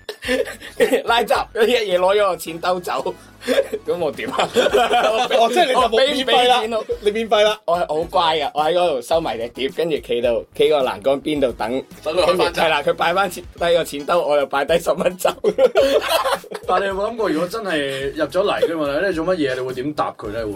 拉閘，你一嘢攞咗個錢兜走，咁我點啊？我即係你就免費啦，你免費啦。我係好乖噶，我喺嗰度收埋隻碟，跟住企到企個欄杆邊度等。等佢攞完，係啦，佢擺翻低個錢兜，我又擺低十蚊走。但係你有冇諗過，如果真係入咗嚟噶嘛，你做乜嘢？你會點答佢咧？會？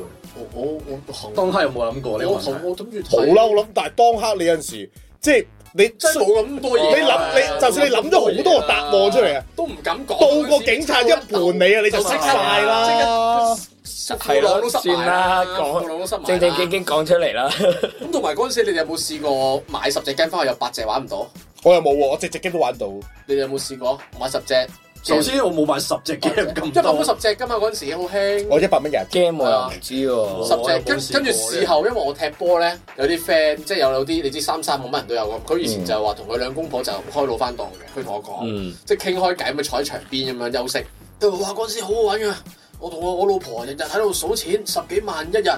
我我我當刻有冇諗過呢？我我諗住好啦，我諗，但係當刻你有陣時即係。你真係冇咁多嘢。你諗你就算你諗咗好多答案出嚟啊，都唔敢講。到個警察一盤你啊，你就識晒啦。係，算啦，講正正經經講出嚟啦。咁同埋嗰陣時，你哋有冇試過買十隻雞返去有八隻玩唔到？我又冇喎，我隻隻雞都玩到。你哋有冇試過買十隻？頭先我冇買十隻 game，一百蚊十隻噶嘛嗰陣時好興。我一百蚊人 game 我又唔知喎。十隻跟住事後，因為我踢波咧，有啲 friend 即係有有啲你知三三冇乜人都有咁。佢以前就話同佢兩公婆就開老翻檔嘅，佢同我講，嗯、即係傾開偈咁樣坐喺場邊咁樣休息。佢話哇嗰時好好玩噶、啊，我同我我老婆日日喺度數錢，十幾萬一日，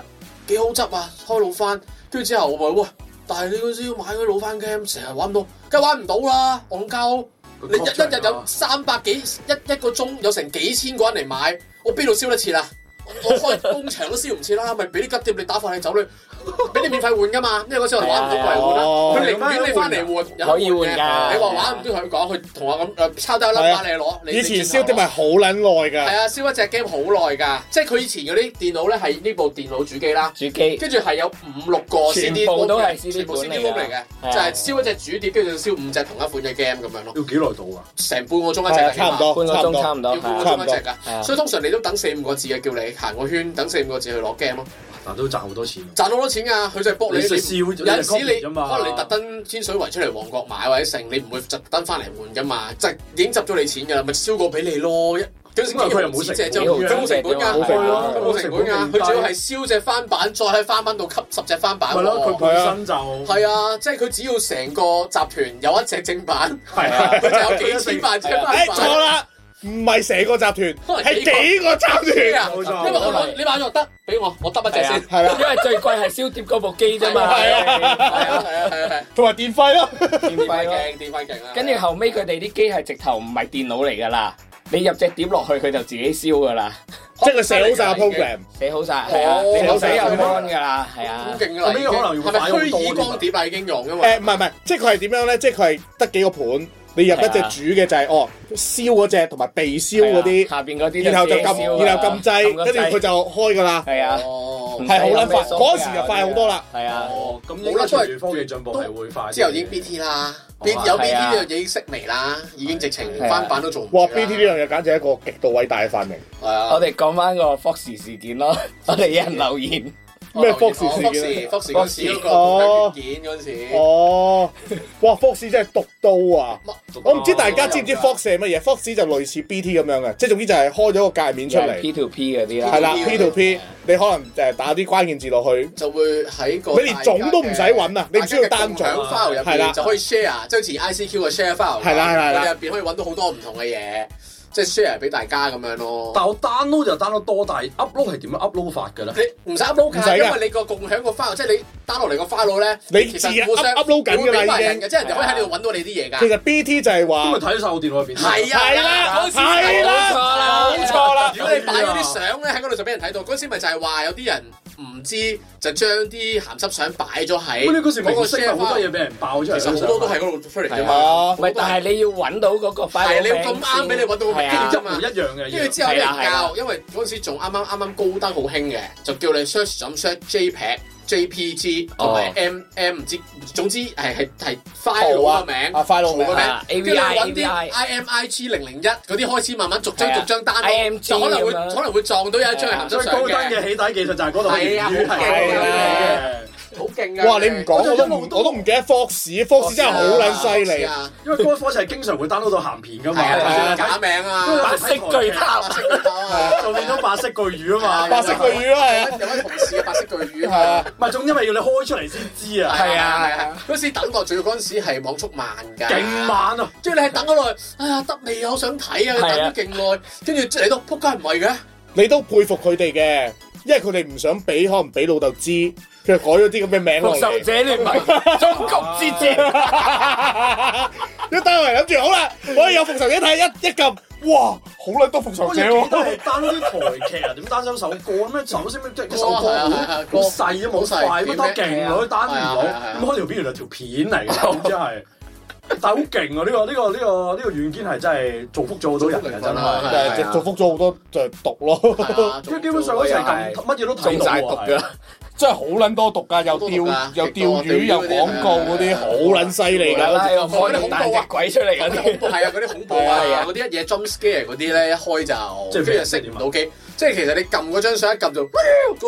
幾好執啊，開老翻。跟住之後我話喂，但係你嗰時要買嗰啲老翻 game，成日玩唔到，梗係玩唔到啦、啊，戇鳩。你日一日有三百幾一一個鐘有成幾千個人嚟買，我邊度燒得切啦？我開工場都燒唔切啦，咪俾啲急碟你打翻去走你。俾你免費換噶嘛，因為嗰時候玩唔到嚟換啦。佢寧願你翻嚟換，可以換噶。你話玩唔到同佢講，佢同我咁誒抄低粒卡你攞。你以前燒碟咪好撚耐噶？係啊，燒一隻 game 好耐噶，即係佢以前嗰啲電腦咧係呢部電腦主機啦。主機跟住係有五六個 CD，全部都係 CD，全部 CD 嚟嘅，就係燒一隻主碟，跟住燒五隻同一款嘅 game 咁樣咯。要幾耐到啊？成半個鐘一隻，差唔多半個鐘，差唔多半個鐘一隻噶。所以通常你都等四五個字嘅，叫你行個圈，等四五個字去攞 game 咯。都賺好多錢，賺好多錢啊！佢就係幫你燒咗，有時你可能你特登天水圍出嚟旺角買或者剩，你唔會特登翻嚟換噶嘛？即係已經集咗你錢㗎，咪燒過俾你咯？一點先，佢又冇佢冇成本㗎，冇成本㗎。佢主要係燒隻翻版，再喺翻版度吸十隻翻版。係咯，佢本身就係啊，即係佢只要成個集團有一隻正版，係啊，佢就有幾千萬隻翻版。誒，錯啦！唔係成個集團，係幾個集團。冇錯，你買咗得，俾我，我得一隻先。係啦，因為最貴係燒碟嗰部機啫嘛。係啊，係啊，係啊，係啊，同埋電費咯，電費勁，電費勁啊！跟住後尾，佢哋啲機係直頭唔係電腦嚟噶啦，你入隻碟落去，佢就自己燒噶啦，即係佢寫好晒 program，寫好晒，寫好晒，好安噶啦，係啊，好勁噶啦。呢可能用虛擬光碟嚟已經用噶嘛？誒，唔係唔係，即係佢係點樣咧？即係佢係得幾個盤。你入一隻煮嘅就係哦，燒嗰隻同埋被燒嗰啲，下邊嗰啲，然後就撳，然後撳掣,跟住佢就開㗎啦。係啊,係好撚快，嗰時就快好多啦。係啊，咁你傳出科技進步係會快，之後已經 BT 啦，有 BT 呢樣嘢已經息微啦，已經直情翻版都做。哇！BT 呢樣嘢簡直係一個極度偉大嘅發明。係啊，我哋講返個 Foxy 事件咯，我哋有人留言。咩？Foxy 嘅 s o x f o x 嗰個軟件嗰陣時，哦，哇，Foxy 真係毒刀啊！我唔知大家知唔知 Foxy 係乜嘢？Foxy 就類似 BT 咁樣嘅，即係總之就係開咗個界面出嚟。P to P 嗰啲啦，係啦，P to P，你可能誒打啲關鍵字落去，就會喺個你連總都唔使揾啊！你只要單張 file 入邊就可以 share，即係好似 ICQ 嘅 share file，係啦係啦，入邊可以揾到好多唔同嘅嘢。即係 share 俾大家咁樣咯，但我 download 就 download 多，但 upload 係點樣 upload 法㗎咧？你唔使 upload 㗎，因為你個共享個 file，即係你 download 落嚟個 file 咧，你其實 upload 緊㗎啦已經，即係人哋可以喺你度揾到你啲嘢㗎。其實 BT 就係話，咁咪睇晒我電腦入邊。係啊，係啦，冇錯啦，冇錯啦。如果你擺啲相咧喺嗰度就俾人睇到，嗰時咪就係話有啲人。唔知就將啲鹹濕相擺咗喺，嗰時嗰個 share 好多嘢俾人爆出嚟，其實好多都係嗰度出嚟啫嘛。唔係，但係你要揾到嗰個，係你咁啱俾你揾到，跟住唔一樣嘅，因為之後俾人教，因為嗰陣時仲啱啱啱啱高登好興嘅，就叫你 search 咁 search JPEG。JPG 同埋 MM 唔知，總之係係係 file 個名，file 個、啊啊、名，跟住揾啲 IMG 零零一嗰啲開始慢慢逐張逐張 download 就可能會可能會撞到有一張係鹹濕相嘅。最高端嘅起底技術就係嗰度。係啊，係啊。 好勁啊！哇，你唔講我都我都唔記得 Fox，Fox 真係好撚犀利啊！因為嗰個 Fox 係經常會 download 到鹹片噶嘛，假名啊，白色巨鷗，就變咗白色巨魚啊嘛，白色巨魚啦，係啊，有咩同事啊，白色巨魚係啊，唔係，仲因為要你開出嚟先知啊，係啊係啊，嗰時等耐住嗰陣時係網速慢噶，勁慢啊！即係你係等咗耐，哎呀得未，我想睇啊，等咗勁耐，跟住即係你都扑街唔係嘅，你都佩服佢哋嘅。因為佢哋唔想俾，可能俾老豆知，佢就改咗啲咁嘅名落嚟。復仇者你唔係中國之子，得啦，諗住好啦，我有復仇者睇，一一撳，哇，好啦，多復仇者喎。單啲台劇啊，點單一首歌咩？首先咩？即係一首歌，好細都冇快，乜得勁咯？單唔到，咁可能邊條係條片嚟噶？真係。但好勁啊！呢個呢個呢個呢個軟件係真係造福咗好多人真係，造福咗好多就係毒咯。基本上好似係撳乜嘢都撳晒毒嘅，真係好撚多毒噶！又釣又釣魚又廣告嗰啲，好撚犀利噶！開啲鬼出嚟，恐怖係啊！嗰啲恐怖啊！嗰啲一嘢 jump scare 嗰啲咧，一開就即係識唔到機。即係其實你撳嗰張相一撳就嗰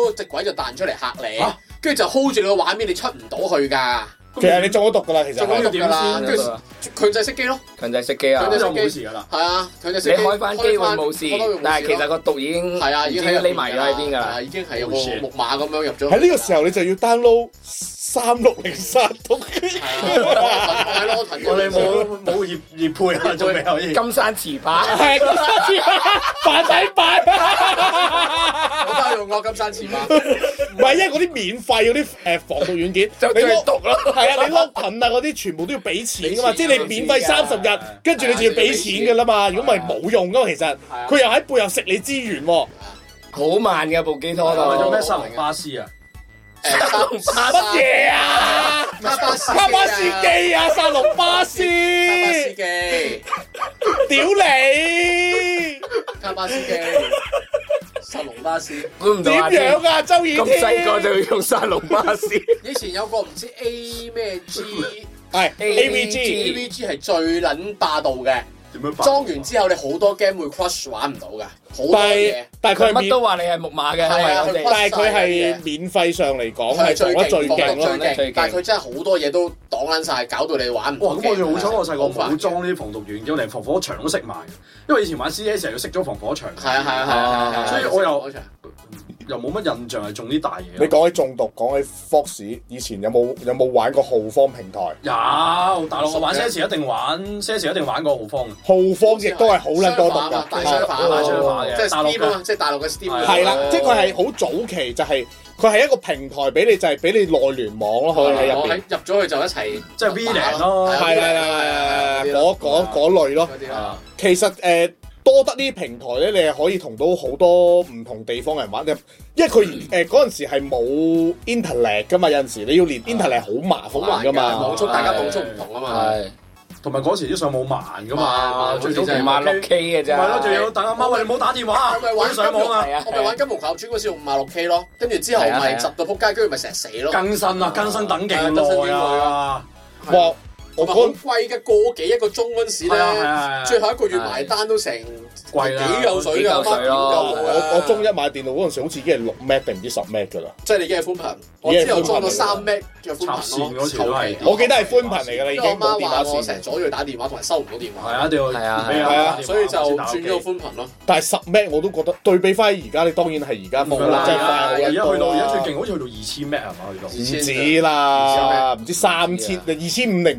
個隻鬼就彈出嚟吓你，跟住就 hold 住你個畫面，你出唔到去噶。其實你中咗毒噶啦，其實中咗毒點先？強制熄機咯，強制熄機啊，熄機就冇事噶啦。係啊，強制熄機。你開翻機會冇事，但係其實個毒已經係啊，已經匿埋咗喺邊噶啦，已經係一個木馬咁樣入咗。喺呢個時候你就要 download。三六零殺毒，我哋冇冇業業配啊，仲未有嘢。金山詞霸，係金山詞霸，繁體版。我都係用個金山詞霸，唔係因為嗰啲免費嗰啲誒防毒軟件就中毒咯。係啊，你 lock 群啊嗰啲全部都要俾錢噶嘛，即係你免費三十日，跟住你就要俾錢噶啦嘛。如果唔係冇用噶，其實佢又喺背後食你資源，好慢嘅部機拖到。咩殺毒巴士啊？誒，乜嘢啊？卡巴斯，卡巴斯基啊，沙龍巴斯基，屌你，卡巴斯基，沙龍巴斯，點樣啊？周以咁細個就要用沙龍巴斯。以前有個唔知 A 咩 G 係 A V G，A V G 係最撚霸道嘅。裝完之後你好多 game 會 crush 玩唔到嘅，好多嘢。但係佢乜都話你係木馬嘅，是是但係佢係免費上嚟講，係最勁、最勁。最最但係佢真係好多嘢都擋緊晒，搞到你玩唔到。哇、哦！咁我哋好彩，我細個冇裝呢啲防毒軟件，連對防火牆都熄埋。因為以前玩 CS 成日要熄咗防火牆。係啊係啊係啊係啊，所以我又。又冇乜印象係中啲大嘢。你講起中毒，講起 Fox，以前有冇有冇玩過浩方平台？有大陸，我玩細時一定玩，細時一定玩過浩方。浩方亦都係好撚多毒。大雙把，大雙把嘅，即係大陸，即係大陸嘅 Steam。係啦，即係佢係好早期，就係佢係一個平台俾你，就係俾你內聯網咯，可以喺入邊。入咗去就一齊，即係 WeLink 咯。係啦係啦係啦，嗰嗰嗰類咯。其實誒。多得呢啲平台咧，你係可以同到好多唔同地方人玩。因為佢誒嗰陣時係冇 internet 㗎嘛，有陣時你要連 internet 好係好麻煩㗎嘛，網速大家網速唔同啊嘛。係。同埋嗰時啲上網慢㗎嘛，最早五萬六 K 嘅啫。係咯，仲要等阿媽！喂，唔好打電話啊，我咪玩上網啊，我咪玩金庸群俠傳嗰時用五萬六 K 咯。跟住之後咪疾到仆街，跟住咪成日死咯。更新啊，更新等幾耐啊，搏！好貴嘅，過幾一個鐘嗰陣時咧，最後一個月埋單都成幾有水噶，我我中一買電腦嗰陣時，好似已經係六 mac 定唔知十 mac 噶啦。即係你已經係寬頻，我之後裝咗三 mac 嘅寬頻咯。我記得係寬頻嚟㗎啦，已經。因為我媽話我成日阻住佢打電話，同埋收唔到電話。係啊，係啊係啊，所以就轉咗個寬頻咯。但係十 mac 我都覺得對比翻而家，你當然係而家冇啦。而家去到而家最勁，好似去到二千 mac 係嘛？二千啦，唔知三千、二千五零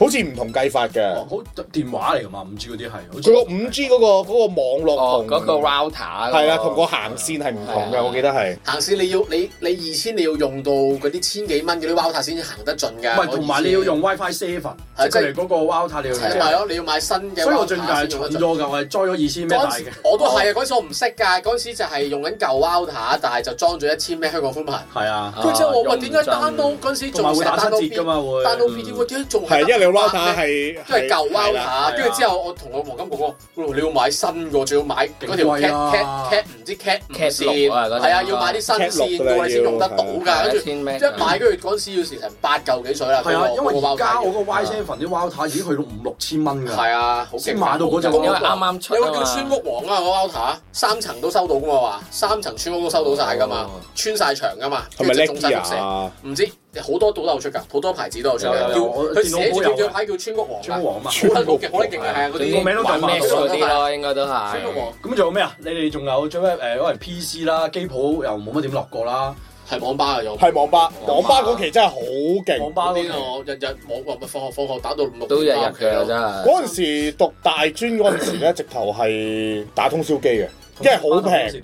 好似唔同計法嘅，電話嚟㗎嘛，五 G 嗰啲係。佢個五 G 嗰個嗰個網絡同嗰個 router 係啊，同個行線係唔同㗎，我記得係。行線你要你你二千你要用到嗰啲千幾蚊嗰啲 router 先行得盡㗎。唔係，同埋你要用 WiFi 7係即係嗰個 router。你要買新嘅，所以我尷尬，我裝咗架，我係裝咗二千蚊我都係啊，嗰陣時我唔識㗎，嗰陣時就係用緊舊 router，但係就裝咗一千咩香港寬頻。係啊。跟住我問點解 download 嗰陣時仲成 download 片 download 片會點係因為你。係都係舊 water 跟住之後我同我黃金哥哥講，你要買新嘅，仲要買嗰條 cat cat cat 唔知 cat 唔線，係啊要買啲新線，個你先用得到㗎。跟住一買跟住嗰陣時要成八嚿幾水啦。係啊，因為而家我個 Y7 啲 water 已經去到五六千蚊㗎。係啊，先買到嗰隻咯。啱啱出你話叫村屋王啊？我 water 三層都收到㗎嘛？話三層村屋都收到晒㗎嘛？穿晒牆㗎嘛？係咪 lever 唔知。好多都有出㗎，好多牌子都有出。有有佢寫住店長牌叫川谷王。川谷王嘛，川得好勁，好勁嘅係啊，嗰啲名都大咩嗰啲啦，應該都係。川谷王咁仲有咩啊？你哋仲有做咩？誒，喂，PC 啦，機鋪又冇乜點落過啦，係網吧啊，有。係網吧，網吧嗰期真係好勁。網吧呢啲日日網，放學放學打到六都日日嘅真係。嗰陣時讀大專嗰陣時咧，直頭係打通宵機嘅，因為好平，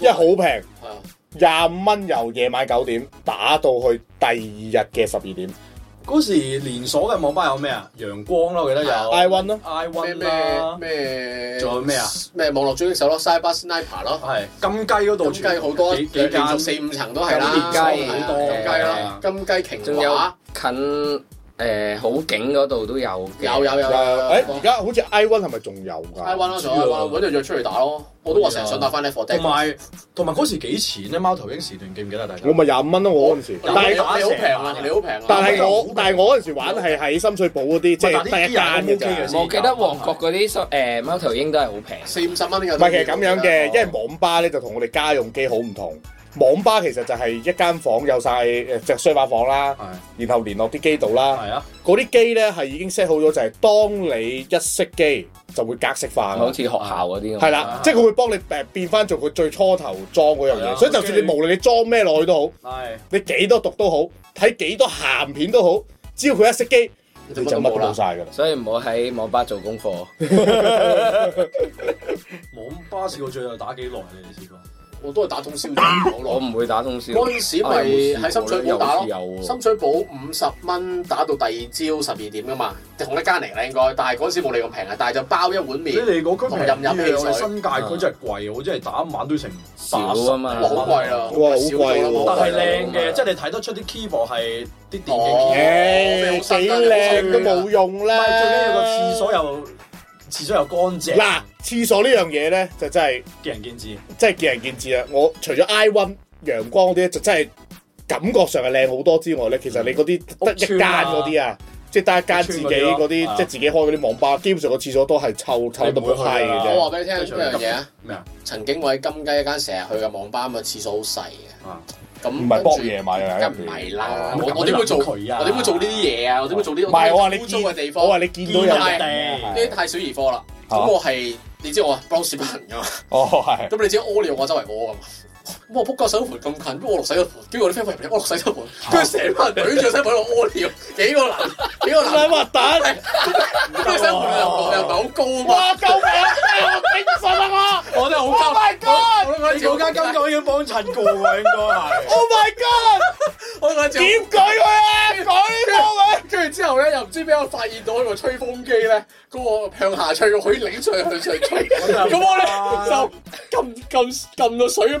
因為好平。啊。廿五蚊由夜晚九點打到去第二日嘅十二點，嗰時連鎖嘅網吧有咩啊？陽光咯，我記得有。I one 咯，I one 咩？咩仲有咩啊？咩網絡追擊手咯，Cyber Sniper 咯，係金雞嗰度，金雞好多幾幾間四五層都係啦，好多金雞啦，金雞瓊華近。誒，好景嗰度都有，有有有。誒，而家好似 iOne 係咪仲有噶？iOne 咯，仲有，搵對出嚟打咯。我都話成日想打翻呢個。同埋，同埋嗰時幾錢咧？貓頭鷹時段記唔記得？大家我咪廿五蚊咯，我嗰陣時。但係你好平啊，你好平啊。但係我，但係我嗰陣時玩係喺深水埗嗰啲，即係第一間嘅。我記得旺角嗰啲誒貓頭鷹都係好平，四五十蚊都有。唔係，其實咁樣嘅，因為網吧咧就同我哋家用機好唔同。網吧其實就係一間房，有晒誒隻書法房啦，的然後連落啲機度啦。嗰啲的機咧係已經 set 好咗，就係、係、當你一熄機就會格式化，好似學校嗰啲咁。係啦，即係佢會幫你誒變翻做佢最初頭裝嗰樣嘢，的所以就算你無論你裝咩落去都好，的你幾多毒都好，睇幾多鹹片都好，只要佢一熄機，你就乜冇晒㗎啦。所以唔好喺網吧做功課。網吧試過最耐打幾耐？你哋試過？我都係打通宵，我我唔會打通宵。嗰陣時咪喺深水埗打咯，深水埗五十蚊打到第二朝十二點噶嘛，同一間嚟啦應該，但係嗰陣時冇你咁平啊，但係就包一碗麵，任飲汽水。新界區真係貴啊，我真係打一晚都成百啊嘛，好貴啊，好貴但係靚嘅，即係你睇得出啲 keyboard 係啲電影 keyboard 幾靚都冇用咧。最緊要個廁所又廁所又乾淨。廁所呢樣嘢咧，就真係見仁見智，真係見仁見智啊！我除咗 i one 陽光啲就真係感覺上係靚好多之外咧，其實你嗰啲得一間嗰啲啊，即係得一間自己嗰啲，即係自己開嗰啲網吧，基本上個廁所都係臭臭到好閪嘅。我話俾你聽，一樣嘢啊？咩啊？曾經我喺金雞一間成日去嘅網吧，咁個廁所好細嘅。咁唔係幫住嘢買嚟唔係啦，我我點會做？我點會做呢啲嘢啊？我點會做呢啲污糟嘅地方？我話你見到有啲太小兒科啦。咁我係。你知我啊，包屎忽人噶嘛？哦，係。咁你知屙尿我周圍摸啊嘛？我仆個洗手盆咁近，咁我落洗手盆，結果啲飛灰入嚟，我落洗手盆，跟住成班女著身喺度屙尿，幾個男幾個男嘅蛋，你有有，跟住洗手盆又唔又唔係好高嘛，啊？啊我嗰間金角要幫襯過喎，應該啊 Oh my god！我點 舉佢啊？舉過嚟。跟住之後咧，又唔知俾我發現到呢個吹風機咧，嗰個向下吹，可以拎上去向上吹。咁 我咧就撳撳撳到水。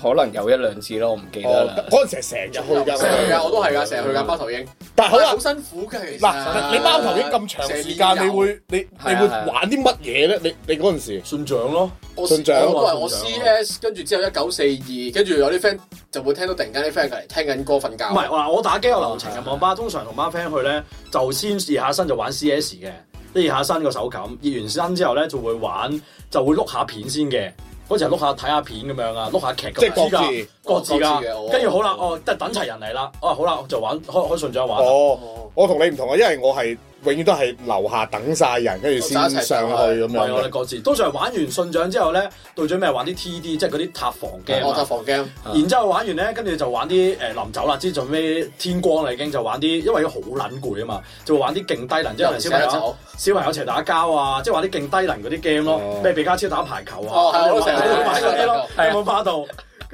可能有一兩次咯，我唔記得啦。嗰陣時成日去噶，成日去我都係噶，成日去架貓頭鷹。但係好好辛苦嘅。嗱，你貓頭鷹咁長時間，你會你你會玩啲乜嘢咧？你你嗰陣時信長咯，信長啊嘛。我都係我 CS 跟住之後一九四二，跟住有啲 friend 就會聽到突然間啲 friend 嚟聽緊歌瞓覺。唔係嗱，我打機有流程嘅網吧，通常同班 friend 去咧就先熱下身就玩 CS 嘅，熱下身個手感，熱完身之後咧就會玩就會碌下片先嘅。嗰陣 錄下睇下片咁樣啊，錄下劇咁，即係各自的、各自㗎。跟住好啦，哦，都、哦哦、等齊人嚟啦。哦、啊，好啦，就玩開開順序玩啦。我我同你唔同啊，因為我係。永遠都係樓下等晒人，跟住先上去咁樣。係我哋各自。通常玩完信長之後咧，到最尾玩啲 T D，即係嗰啲塔防 game。塔防 game。然之後玩完咧，跟住就玩啲誒臨走啦，即係做咩天光啦已經，就玩啲因為好撚攰啊嘛，就玩啲勁低能，即係小朋友，小朋友一齊打交啊，即係玩啲勁低能嗰啲 game 咯，咩皮卡丘打排球啊，我成日都玩嗰啲咯，有冇花道。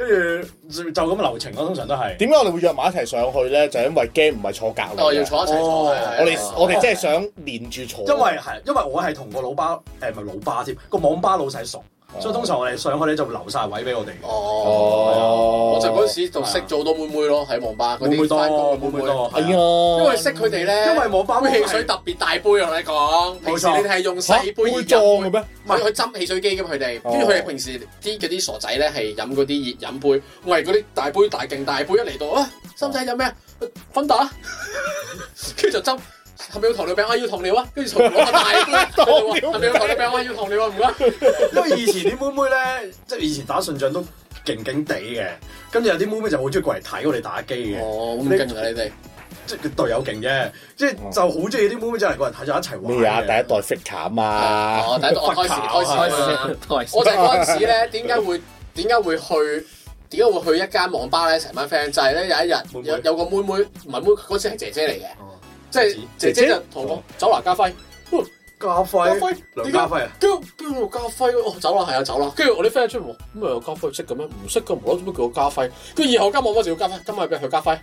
跟住就咁流程咯，通常都係。點解我哋會約埋一齊上去咧？就係、因為驚唔係坐隔籬、哦。要坐一齊坐。哦、我哋們我哋即係想連住坐。哦、因為係，因為我係同個老巴誒，唔、呃、係老巴添，個網吧老細熟。所以通常我哋上去咧就會留晒位俾我哋。哦、啊，我就嗰陣時就識咗好多妹妹咯，喺網吧。班妹妹多，多，多，多，多，妹妹多。係啊，因為識佢哋咧。因為網吧啲汽水特別大杯、啊，同你講。冇錯。平時你哋係用細杯裝嘅咩？唔係，去斟汽水機嘅佢哋。跟住佢哋平時啲嗰啲傻仔咧係飲嗰啲熱飲杯，我係嗰啲大杯大勁大杯一嚟到啊，深子飲咩？芬、啊、達？跟 住就斟。係咪有糖尿病？我要糖尿啊！跟住糖尿個大，糖係咪有糖尿病？我要糖尿啊！唔該，因為以前啲妹妹咧，即係以前打信長都勁勁地嘅，跟住有啲妹妹就好中意過嚟睇我哋打機嘅。哦，咁跟住你哋，即係隊友勁啫，即係就好中意啲妹妹就嚟過嚟睇咗一齊。玩。啊？第一代 f i x 啊？哦，第一代開始開始開始，我哋嗰陣時咧，點解會點解會去點解會去一間網吧咧？成班 friend 就仔咧，有一日有有個妹妹，唔係妹，嗰次係姐姐嚟嘅。即係姐姐就同我講走啦，家輝，喂輝！家輝，家輝何，梁家輝啊，跟住家輝，哦，走啦，係啊，走啦，跟住我啲 friend 出嚟喎，咁咪有，家輝識嘅咩？唔識嘅，唔好做乜叫我家輝，跟住以後今日乜就要家輝，今日俾佢叫家輝，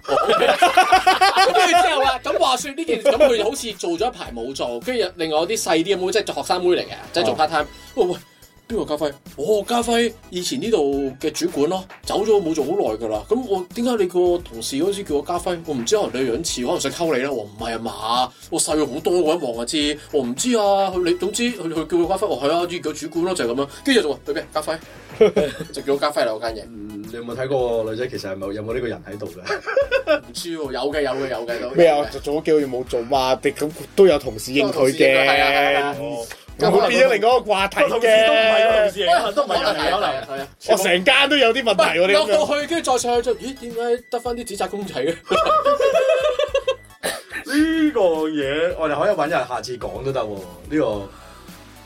咁跟住之後啦，咁話説呢件，咁佢好似做咗一排冇做，跟住另外啲細啲嘅妹,即係做學生妹嚟嘅，即係做 part time，喂、哦、喂。哎邊個家輝？我家輝以前呢度嘅主管咯，走咗冇做好耐噶啦。咁我點解你個同事好似叫我家輝？我唔知可能你有眼刺，可能想溝你啦。我唔係啊嘛，我細好多我一望就知。我唔知啊，你總之佢佢叫佢家輝，我係啊，以前主管咯，就係、是、咁樣。跟住就話對咩？家輝 就叫我家輝啦，我間嘢、嗯，你有冇睇過女仔？其實係咪有冇呢個人喺度嘅？唔 知有嘅有嘅有嘅都咩啊？就做咗幾個月冇做嘛，咁都，都有同事應佢嘅。唔會變咗另一個話題嘅，威行都唔係問題，有啊。我成間都有啲問題喎，落到去跟住再上去就，咦？點解得翻啲紫色公仔嘅？呢 個嘢我哋可以揾日下次講都得喎。呢、這個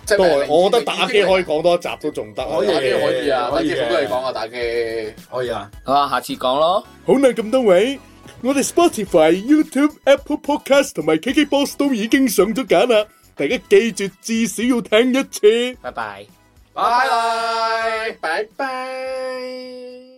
即係我覺得打機可以講多一集都仲得，打機可,以對可以啊，打機都可以講啊，打機可以啊，以啊好啊，下次講咯。好啦咁多位，我哋 Spotify、YouTube、Apple Podcast 同埋 KKBOX 都已經上咗架啦。大家記住，至少要聽一次。拜拜，拜拜，拜拜。